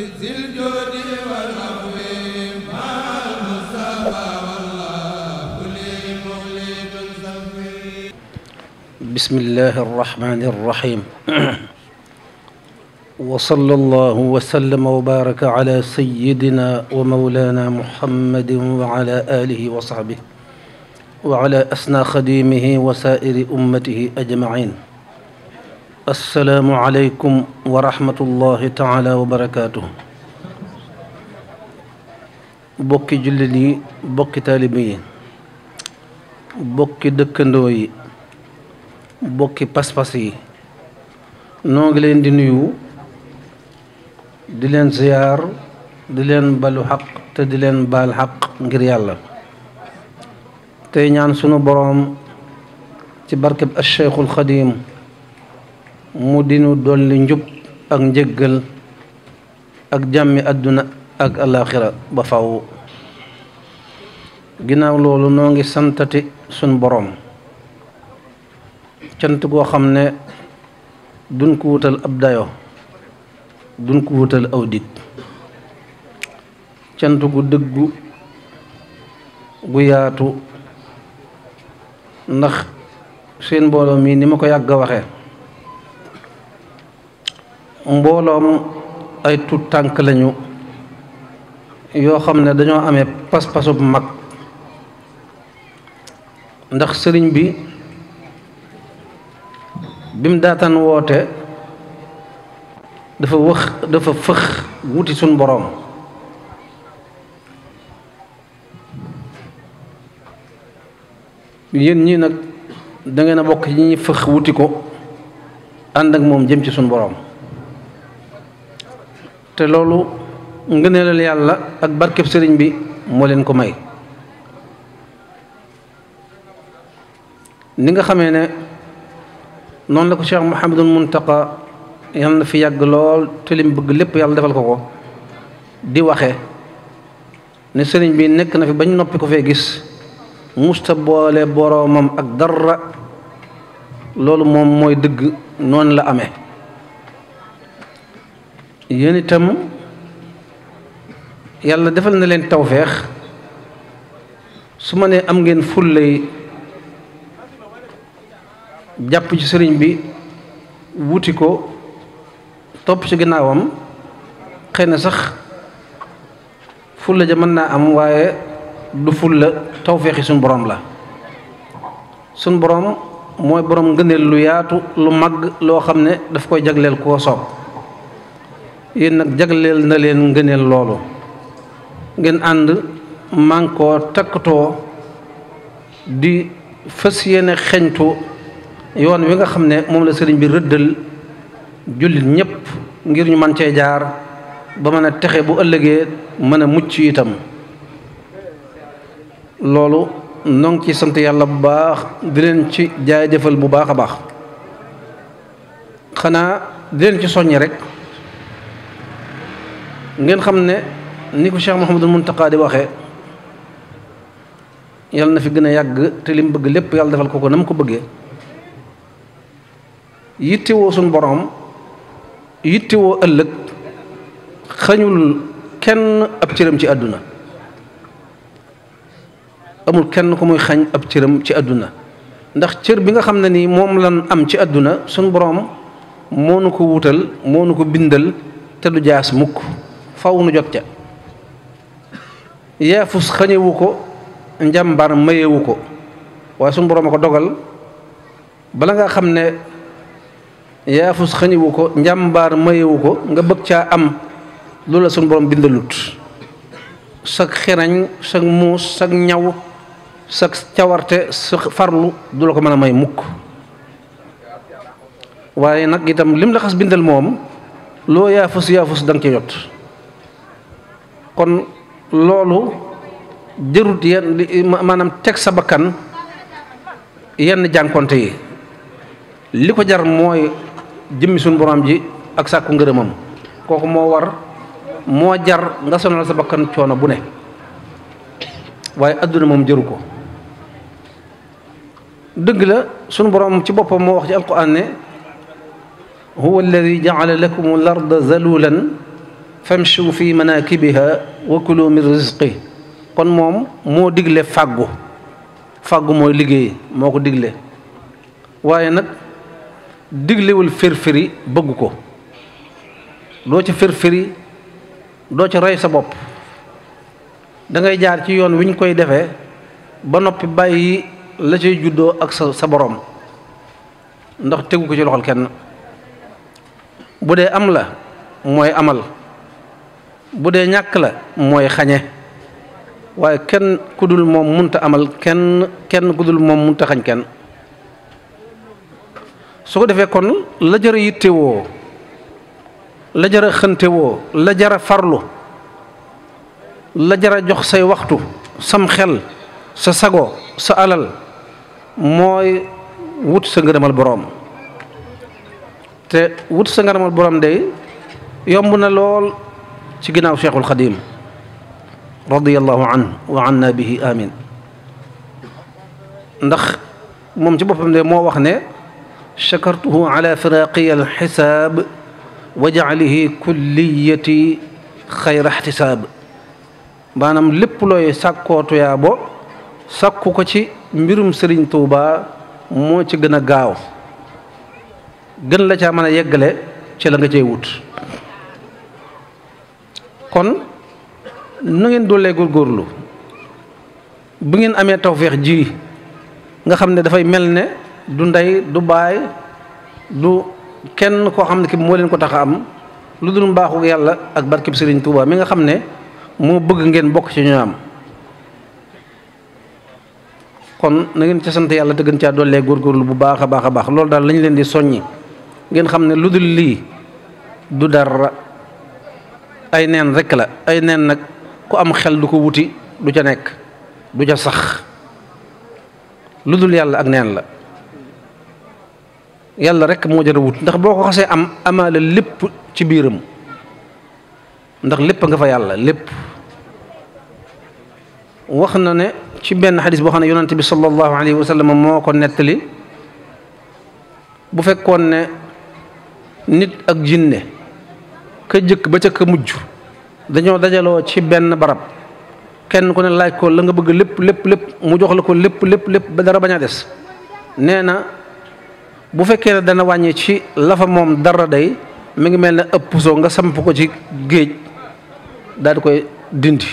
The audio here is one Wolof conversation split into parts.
bismillah arrahmani irrahim wasala allahu wasallama wa baaraka ala sayidina wa maulana muhammadin wa ala alihi wa saxbih wa ala asna xadimihi wa saairi ummatihi ajmain asalaamualeykum wa rahmatullahi taala wa barakaatu. bokki jullit yi bokki taalibe yi bokki dëkkandoo yi bokki pas-pas yi noo ngi leen di nuyu di leen ziyaar di leen balu xaq te di leen baal xaq ngir yàlla tey ñaan sunu boroom ci barkeb Cheikhul Xadim mu dinu dolli njub ak njëggal ak jàmmi àdduna ak alaaxira ba faw ginnaaw loolu noo ngi santati suñ boroom cant goo xam ne duñ ko wutal ab dayo duñ ko wutal aw dig gu dëggu gu yaatu ndax seen mbooloo mii ni ma ko yàgg a waxee mbooloom ay tuut tànk lañu yoo xam ne dañoo amee pas-pasu bu mag ndax sëriñ bi bim daataan woote dafa wax dafa fëx wuti suñ boroom yéen ñii nag da ngeen a bokk yi ñuy fëx wuti ko ànd ak moom jëm ci suñu boroom te loolu ngëneelal yàlla ak barkeb sëriñ bi moo leen ko may ni nga xamee ne noonu la ko Cheikh Mouhamadul Muntaqa yal na fi yàgg lool te lim bëgg lépp yàlla defal ko ko di waxe ne sëriñ bi nekk na fi bañ noppi ko fee gis musta boole boroomam ak dara loolu moom mooy dëgg noonu la amee yéen itam yàlla defal na leen tawfeex su ma nee am ngeen fullay jàpp ci sëriñ bi wuti ko topp ci ginnaawam xëy na sax fulla ja mën naa am waaye du fulla tawfeexi suñ boroom la suñu boroom mooy boroom ngëneel lu yaatu lu mag loo xam ne daf koy jagleel koo soob yéen nag jagleel na leen ngëneel loolu ngeen ànd mànkoo takkatoo di fës yéene xeñtu yoon wi nga xam ne moom la sëriñ bi rëddal jullit ñépp ngir ñu mën cee jaar ba mën a texe bu ëllëgee mën a mucc itam loolu noo ci sant yàlla bu baax di leen ci jaajëfal bu baax a baax xanaa di leen ci soññi rek ngeen xam ne ni ko Cheikh Mouhamadul Mountakha di waxe yàlla na fi gën a yàgg te lim bëgg lépp yàlla defal ko ko na mu ko bëggee yittewoo suñ boroom yittewoo ëllëg xañul kenn ab cëram ci àdduna amul kenn ku muy xañ ab cëram ci àdduna ndax cër bi nga xam ne nii moom lan am ci àdduna suñ boroom moo nu ko wutal moo nu ko bindal te du jaas mukk faw nu jot ca yeefus xañewu ko njàmbaar mayewu ko waaye suñu boroom a ko dogal bala nga xam ne yaafus xëñiwu ko njàmbaar mayewu ko nga bëgg caa am loolu la suñu borom bindalut sag xirañ sag muus sag ñaw sag cawarte sa farlu du la ko mën a may mukk waaye nag itam lim la xas bindal moom loo yaafus yaafus danga nga ci jot kon loolu jërut yenn maanaam teg sa bakkan yenn jànkonte yi li ko jar mooy jëmmi suñu borom ji ak sàkku ngërëmam kooku moo war moo jar nga sonal sa bakkan coono bu ne waaye adduna moom jëru ko dëgg la sunu borom ci boppam moo wax ci alquran ne huwa alladi jaala lakum al arda zalulan famshu fi manakibiha wa kulu min rizqi kon moom moo digle fàggu fàggu mooy liggéey moo ko digle waaye nag diglewul firfiri bëgg ko doo ci firfiri doo ci rey sa bopp dangay jaar ci yoon wi ñu koy defee ba noppi bàyyi la cay juddoo ak sa sa boroom ndax tegu ko ci loxol kenn bu dee am la mooy amal bu dee ñàkk la mooy xañe waaye kenn ku dul moom munta amal kenn kenn ku dul moom munta xañ kenn su ko defee kon la jara yittewoo la jara xëntewoo la jara farlu la jara jox say waxtu sam xel sa sago sa alal mooy wut sa ngërëmal boroom te wut sa ngërëmal boroom day yomb na lool ci ginnaaw cheikhul xadim radiallahu anhu wa amin ndax moom ci boppam de moo wax ne chakartuhu ala firaqiya alxisaab wa jaalihi kulliyati xayra ixtisaab maanaam lépp looy sàkkoo tuyaa bo ko ci mbirum sëriñ tuuba moo ci gën a gaaw gën la caa mën a yeggale ci la nga cey wut kon nu ngeen doolee góorlu bu ngeen amee tawféex ji nga xam ne dafay mel ne du ndey du baay du kenn koo xam ne ki moo leen ko tax a am lu dul mbaaxu yàlla ak barkeb Sëriñ Tuuba mi nga xam ne moo bëgg ngeen bokk ci ñu am kon na ngeen ca sant yàlla te gën caa doolee góorgóorlu bu baax a baax a baax loolu daal lañu leen di soññi ngeen xam ne lu dul lii du dara ay neen rek la ay neen nag ku am xel du ko wuti du ca nekk du ca sax lu dul yàlla ak neen la yàlla rekk moo jar wut ndax boo ko xasee am amaale lépp ci biiram ndax lépp nga fa yàlla lépp wax na ne ci benn xadis boo xam ne yonante bi sallallahu alayhi wa sallam moo ko nettali bu fekkoon ne nit ak jinne ka jëkk ba ca ka mujj dañoo dajaloo ci benn barab kenn ku ne laaj ko la nga bëgg lépp lépp lépp mu jox la ko lépp lépp lépp ba dara bañ des nee na bu fekkee ne dana wàññi ci la fa moom dara day mi ngi mel ne ëpp soo nga samp ko ci géej daal di koy dindi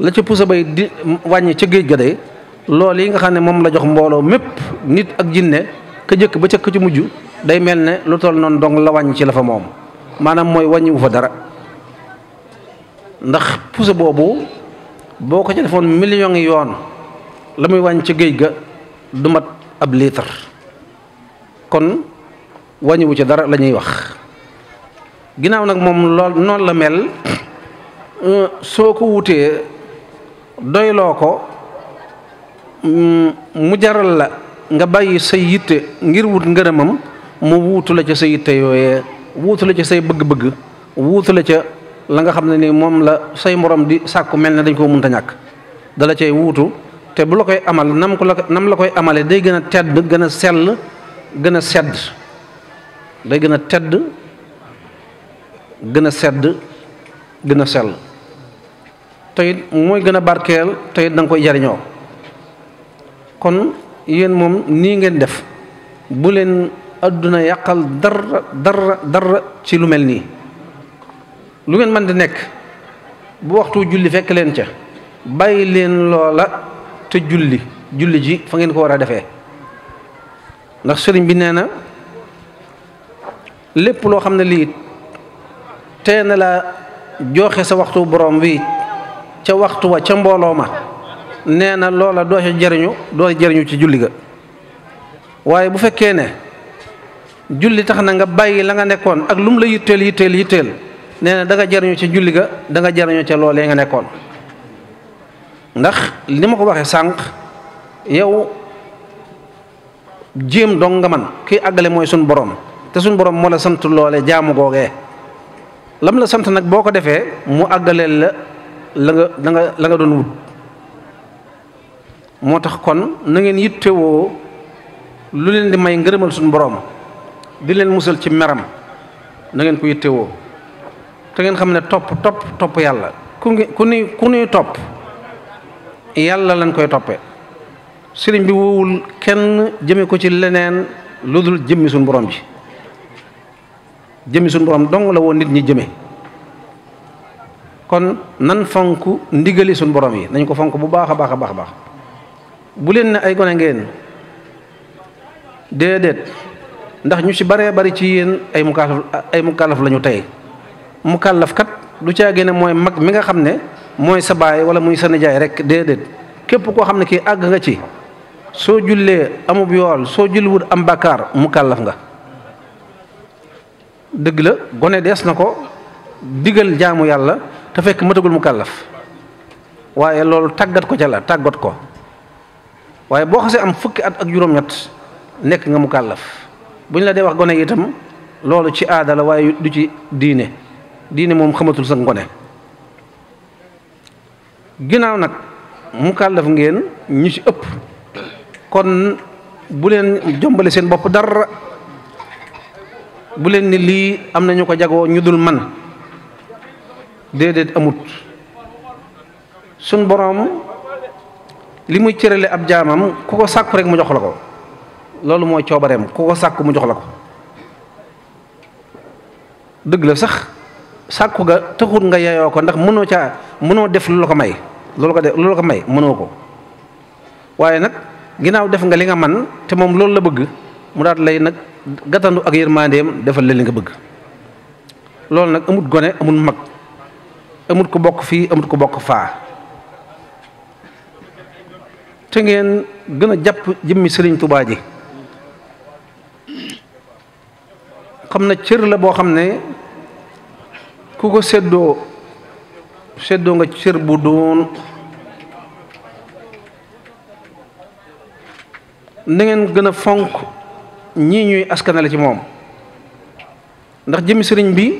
la ca puso bay di wàññi ca géej ga day lool yi nga xam ne moom la jox mbooloo mépp nit ak jinne ka jëkk ba ca ka ci mujj day mel ne lu toll noonu dong la wàññi ci la fa moom maanaam mooy wàññiwu fa dara ndax puso boobu boo ko ci defoon million yi yoon la muy wañ ci géej ga du mat ab litre kon wàññiwu ca dara la ñuy wax ginnaaw nag moom lool noonu la mel soo ko wutee doyloo ko mm, mu jaral la nga bàyyi sa yitte ngir wut ngërëmam mu wuutu la ca sa yitte yooye wuutu la ca say bëgg-bëgg wuutu la ca la nga xam ne ni moom la say morom di sàkku mel ne dañ koo munta ñàkk dala cay wuutu te bu la koy amal nam ko la nam la koy amale day gën a tedd gën a sell gën a sedd day gën a tedd gën a sedd gën a sell te it mooy gën a barkeel te danga koy jariñoo kon yéen moom nii ngeen def bu leen adduna yàqal dara dara dara ci lu mel nii lu ngeen mën di nekk bu waxtu julli fekk leen ca bàyyi leen loola te julli julli ji fa ngeen ko war a defee ndax sëriñ bi nee na lépp loo xam ne lii te na la joxe sa waxtu boroom wi ca waxtu wa ca mbooloo ma nee na loola doo ca jariñu doo jariñu ci julli ga waaye bu fekkee ne julli tax na nga bàyyi la nga nekkoon ak lu mu la yitteel yitteel yitteel nee na danga jariñu ca julli ga da jariñu ca loolee nga nekkoon ndax li ma ko waxee sànq yow jéem dong nga man kii àggale mooy suñ boroom te suñ borom moo la sant loole jaamu googee lam la sant nag boo ko defee mu àggaleel la la nga la nga la nga doon wut moo tax kon na ngeen yittewoo lu leen di may ngërëmal suñ borom di leen musal ci meram na ngeen ko yittewoo te ngeen xam ne topp topp topp yàlla ku ngi ku ni ku nuy topp yàlla lañ koy toppe sëriñ bi woowul kenn jëme ko ci leneen lu dul jëmmi suñu borom ji jëmmi suñu borom dong la woon nit ñi jëme kon nan fonk ndigali suñu borom yi nañ ko fonk bu baax a baax a baax a baax bu leen ne ay gone ngeen déedéet ndax ñu ci baree bari ci yéen ay mukallaf ay mukallaf lañu tey mukallaf kat du caagee ne mooy mag mi nga xam ne mooy sa baay wala muy sa nijaay rek déedéet képp koo xam ne kii àgg nga ci soo jullee amub yool soo julliwut am bàkkaar mukallaf nga dëgg la gone dees na ko digal jaamu yàlla te fekk matagul mukallaf waaye loolu tàggat ko ca la tàggat ko waaye boo xasee am fukki at ak juróom-ñett nekk nga mukallaf bu ñu la dee wax gone itam loolu ci aada la waaye du ci diine diine moom xamatul sa ngone ginnaaw nag mu kàllaf ngeen ñu ci ëpp kon bu leen jombale seen bopp dara bu leen ni lii am na ñu ko jagoo ñu dul man déedéet amut sun boroom li muy cërale ab jaamam ku ko sàkku rek mu jox la ko loolu mooy coobareem ku ko sàkk mu jox la ko dëgg la sax sàkku nga taxul nga yeyoo ko ndax mënoo caa mënoo def lu la ko may loolu ko def lu ko may mënoo ko waaye nag ginnaaw def nga li nga man te moom loolu la bëgg mu daat lay nag gàttandu ak yërmandeem defal la li nga bëgg loolu nag amut gone amut mag amut ko bokk fii amut ko bokk faa te ngeen gën a jàpp jëmmi Sëriñ Tuubaa ji xam na cër la boo xam ne ku ko séddoo seddoo nga cër bu doon na ngeen gën a fonk ñii ñuy askanale ci moom ndax jëmi sëriñ bi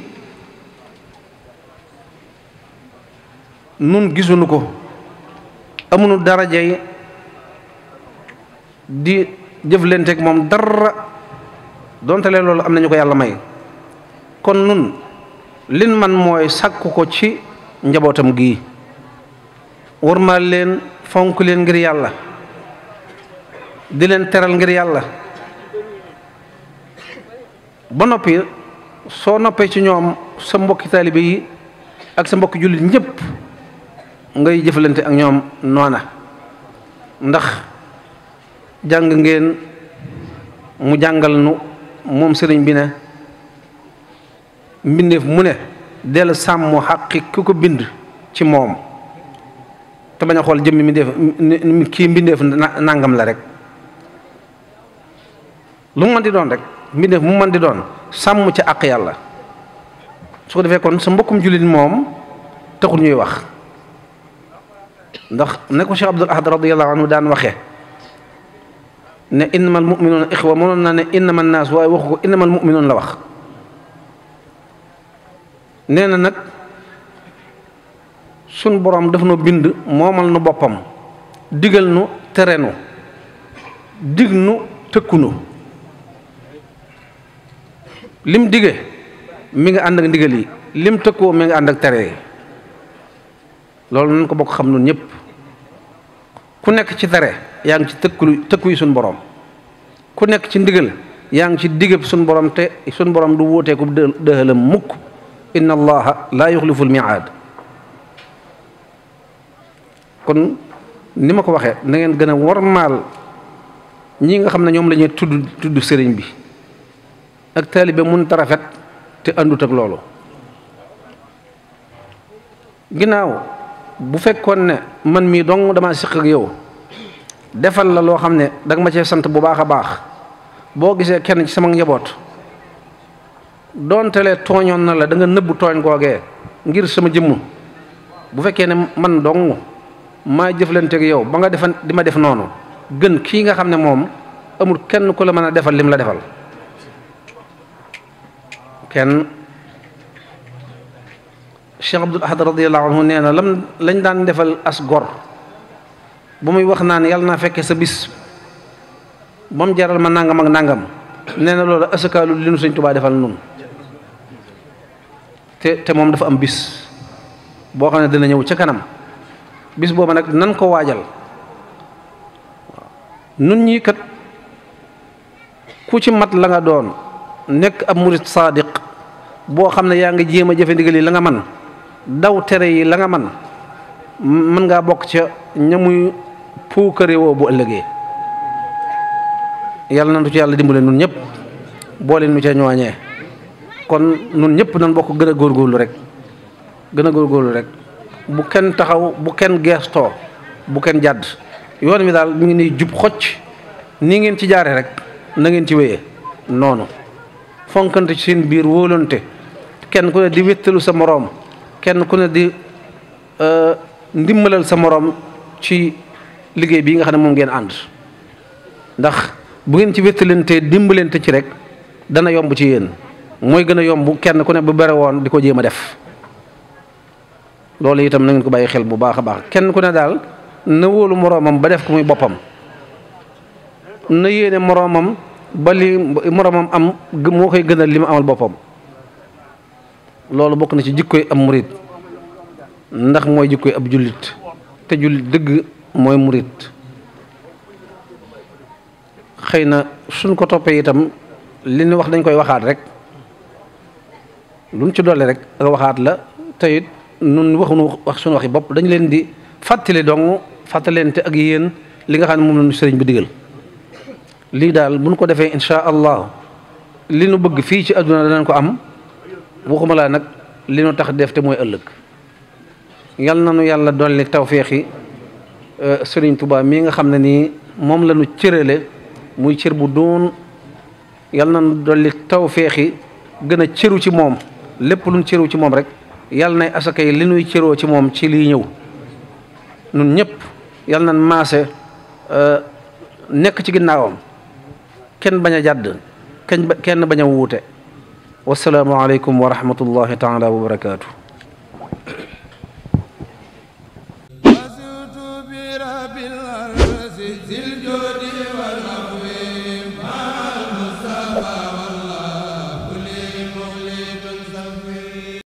nun gisuñu ko dara darajay di jëflante ak moom dara donte leen loolu am nañu ko yàlla may kon nun lin man mooy sàkku ko ci njabootam gii warmaal leen fonk leen ngir yàlla di leen teral ngir yàlla ba noppi soo noppee ci ñoom sa mbokki taalibe yi ak sa mbokki jullit ñëpp ngay jëflante ak ñoom noona ndax jàng ngeen mu jàngal nu moom sëriñ bi ne mbindeef mu ne del sàmm xaqi ku ko bind ci moom te bañ a xool jëmmi mbindeef kii mbindeef nangam la rek lu mu mën di doon rek mbindeef mu mën di doon sàmm ci àq yàlla su ko defee kon sa mbokkum jullit moom taxul ñuy wax ndax ne ko Cheikh Abdul Ahad radiyallahu anhu daan waxee ne innamal mu'minuuna ixwa mënoon naa ne innaman naas waaye waxu ko innamal mu'minuun la wax nee na nag suñ boroom daf na bind moomal nu boppam digal nu tere nu dig nu tëkku nu lim dige mi nga ànd ak ndigal yi lim tëkkoo mi nga ànd ak tere yi loolu nañ ko bokk xam nun ñëpp ku nekk ci tere yaa ngi ci tëkku tëkku yi suñu borom ku nekk ci ndigal yaa ngi ci digab suñu borom te suñu borom du wóoteeku dëhalam mukk inna allaha laa yuxlifu almiaad kon ni ma ko waxee na ngeen gën a warmaal ñi nga xam ne ñoom la tudd tudd sëriñ bi ak taalibe mun tarafet te àndut ak loolu ginnaaw bu fekkoon ne man mii dong dama siq ak yow defal la loo xam ne danga ma cee sant bu baax a baax boo gisee kenn ci sama njaboot doontele tooñoon na la da nga nëbbu tooñ googee ngir sama jëmm bu fekkee ne man dong maa jëflanteeg yow ba nga defan di ma def noonu gën kii nga xam ne moom amul kenn ku la mën a defal lim la defal kenn Cheikh Abdul Ahad radiyallahu anhu nee na lam lañ daan defal as gor ba muy wax naan yàlla naa fekkee sa bis ba mu jaral ma nangam ak nangam nee na loolu asakaalu li nu sëñ Tuubaa defal noonu te te moom dafa am bis boo xam ne dina ñëw ca kanam bis booba nag nan ko waajal nun ñii kat ku ci mat la nga doon nekk ab murit saadiq boo xam ne yaa ngi jéem a jëfe ndigal yi la nga man daw tere yi la nga man mën ngaa bokk ca ñamuy puukare woo bu ëllëgee yàlla na nu ci yàlla dimbale nun ñëpp boole nu ca ñooñee kon nun ñëpp nan bokk gën a góorgóorlu rek gën a góor góorlu rek bu kenn taxaw bu kenn geestoo bu kenn jàdd yoon wi daal mi ngi nii jub xocc nii ngeen ci jaare rek na ngeen ci wéyee noonu fonkante ci biir wóolante kenn ku ne di wéttalu sa moroom kenn ku ne di euh, ndimbalal sa moroom ci liggéey bii nga xam ne moom ngeen ànd ndax bu ngeen ci wéttalante dimbalante ci rek dana yomb ci yéen mooy gën a yomb kenn ku ne bu bare woon di ko jéem a def loolu itam na ngeen ko bàyyi xel bu baax a baax kenn ku ne daal na wóolu moroomam ba def ko muy boppam na yéene moroomam ba li moroomam am moo koy gënal li mu amal boppam loolu bokk na ci jikkoy am murit ndax mooy jikkoy ab jullit te jullit dëgg mooy murit xëy na suñ ko toppee itam li nu wax dañ koy waxaat rek luñ ci dolli rek ak waxaat la teyit nun waxunu wax suñu waxi bopp dañ leen di fàttali dong fàttalente ak yéen li nga xam ne moom lañu sëriñ bi digal lii daal buñ ko defee insha li nu bëgg fii ci àdduna danañ ko am waxuma laa nag li nu tax def te mooy ëllëg yal na nu yàlla dolli tawféex yi Euh, Sëriñ tubaa mii nga xam ne nii moom la ñu cërale muy cër bu doon yal na nu dolli tawféexi gën a cëru ci moom lépp luñ cëru ci moom rek yal nay asaka yi li nuy cëroo ci moom ci liy ñëw nun ñëpp yal nañ maase euh, nekk ci ginnaawam kenn bañ a jàdd kenn kenn bañ a wuute wasalaamualeykum wa rahmatullahi taala wa barakaatu.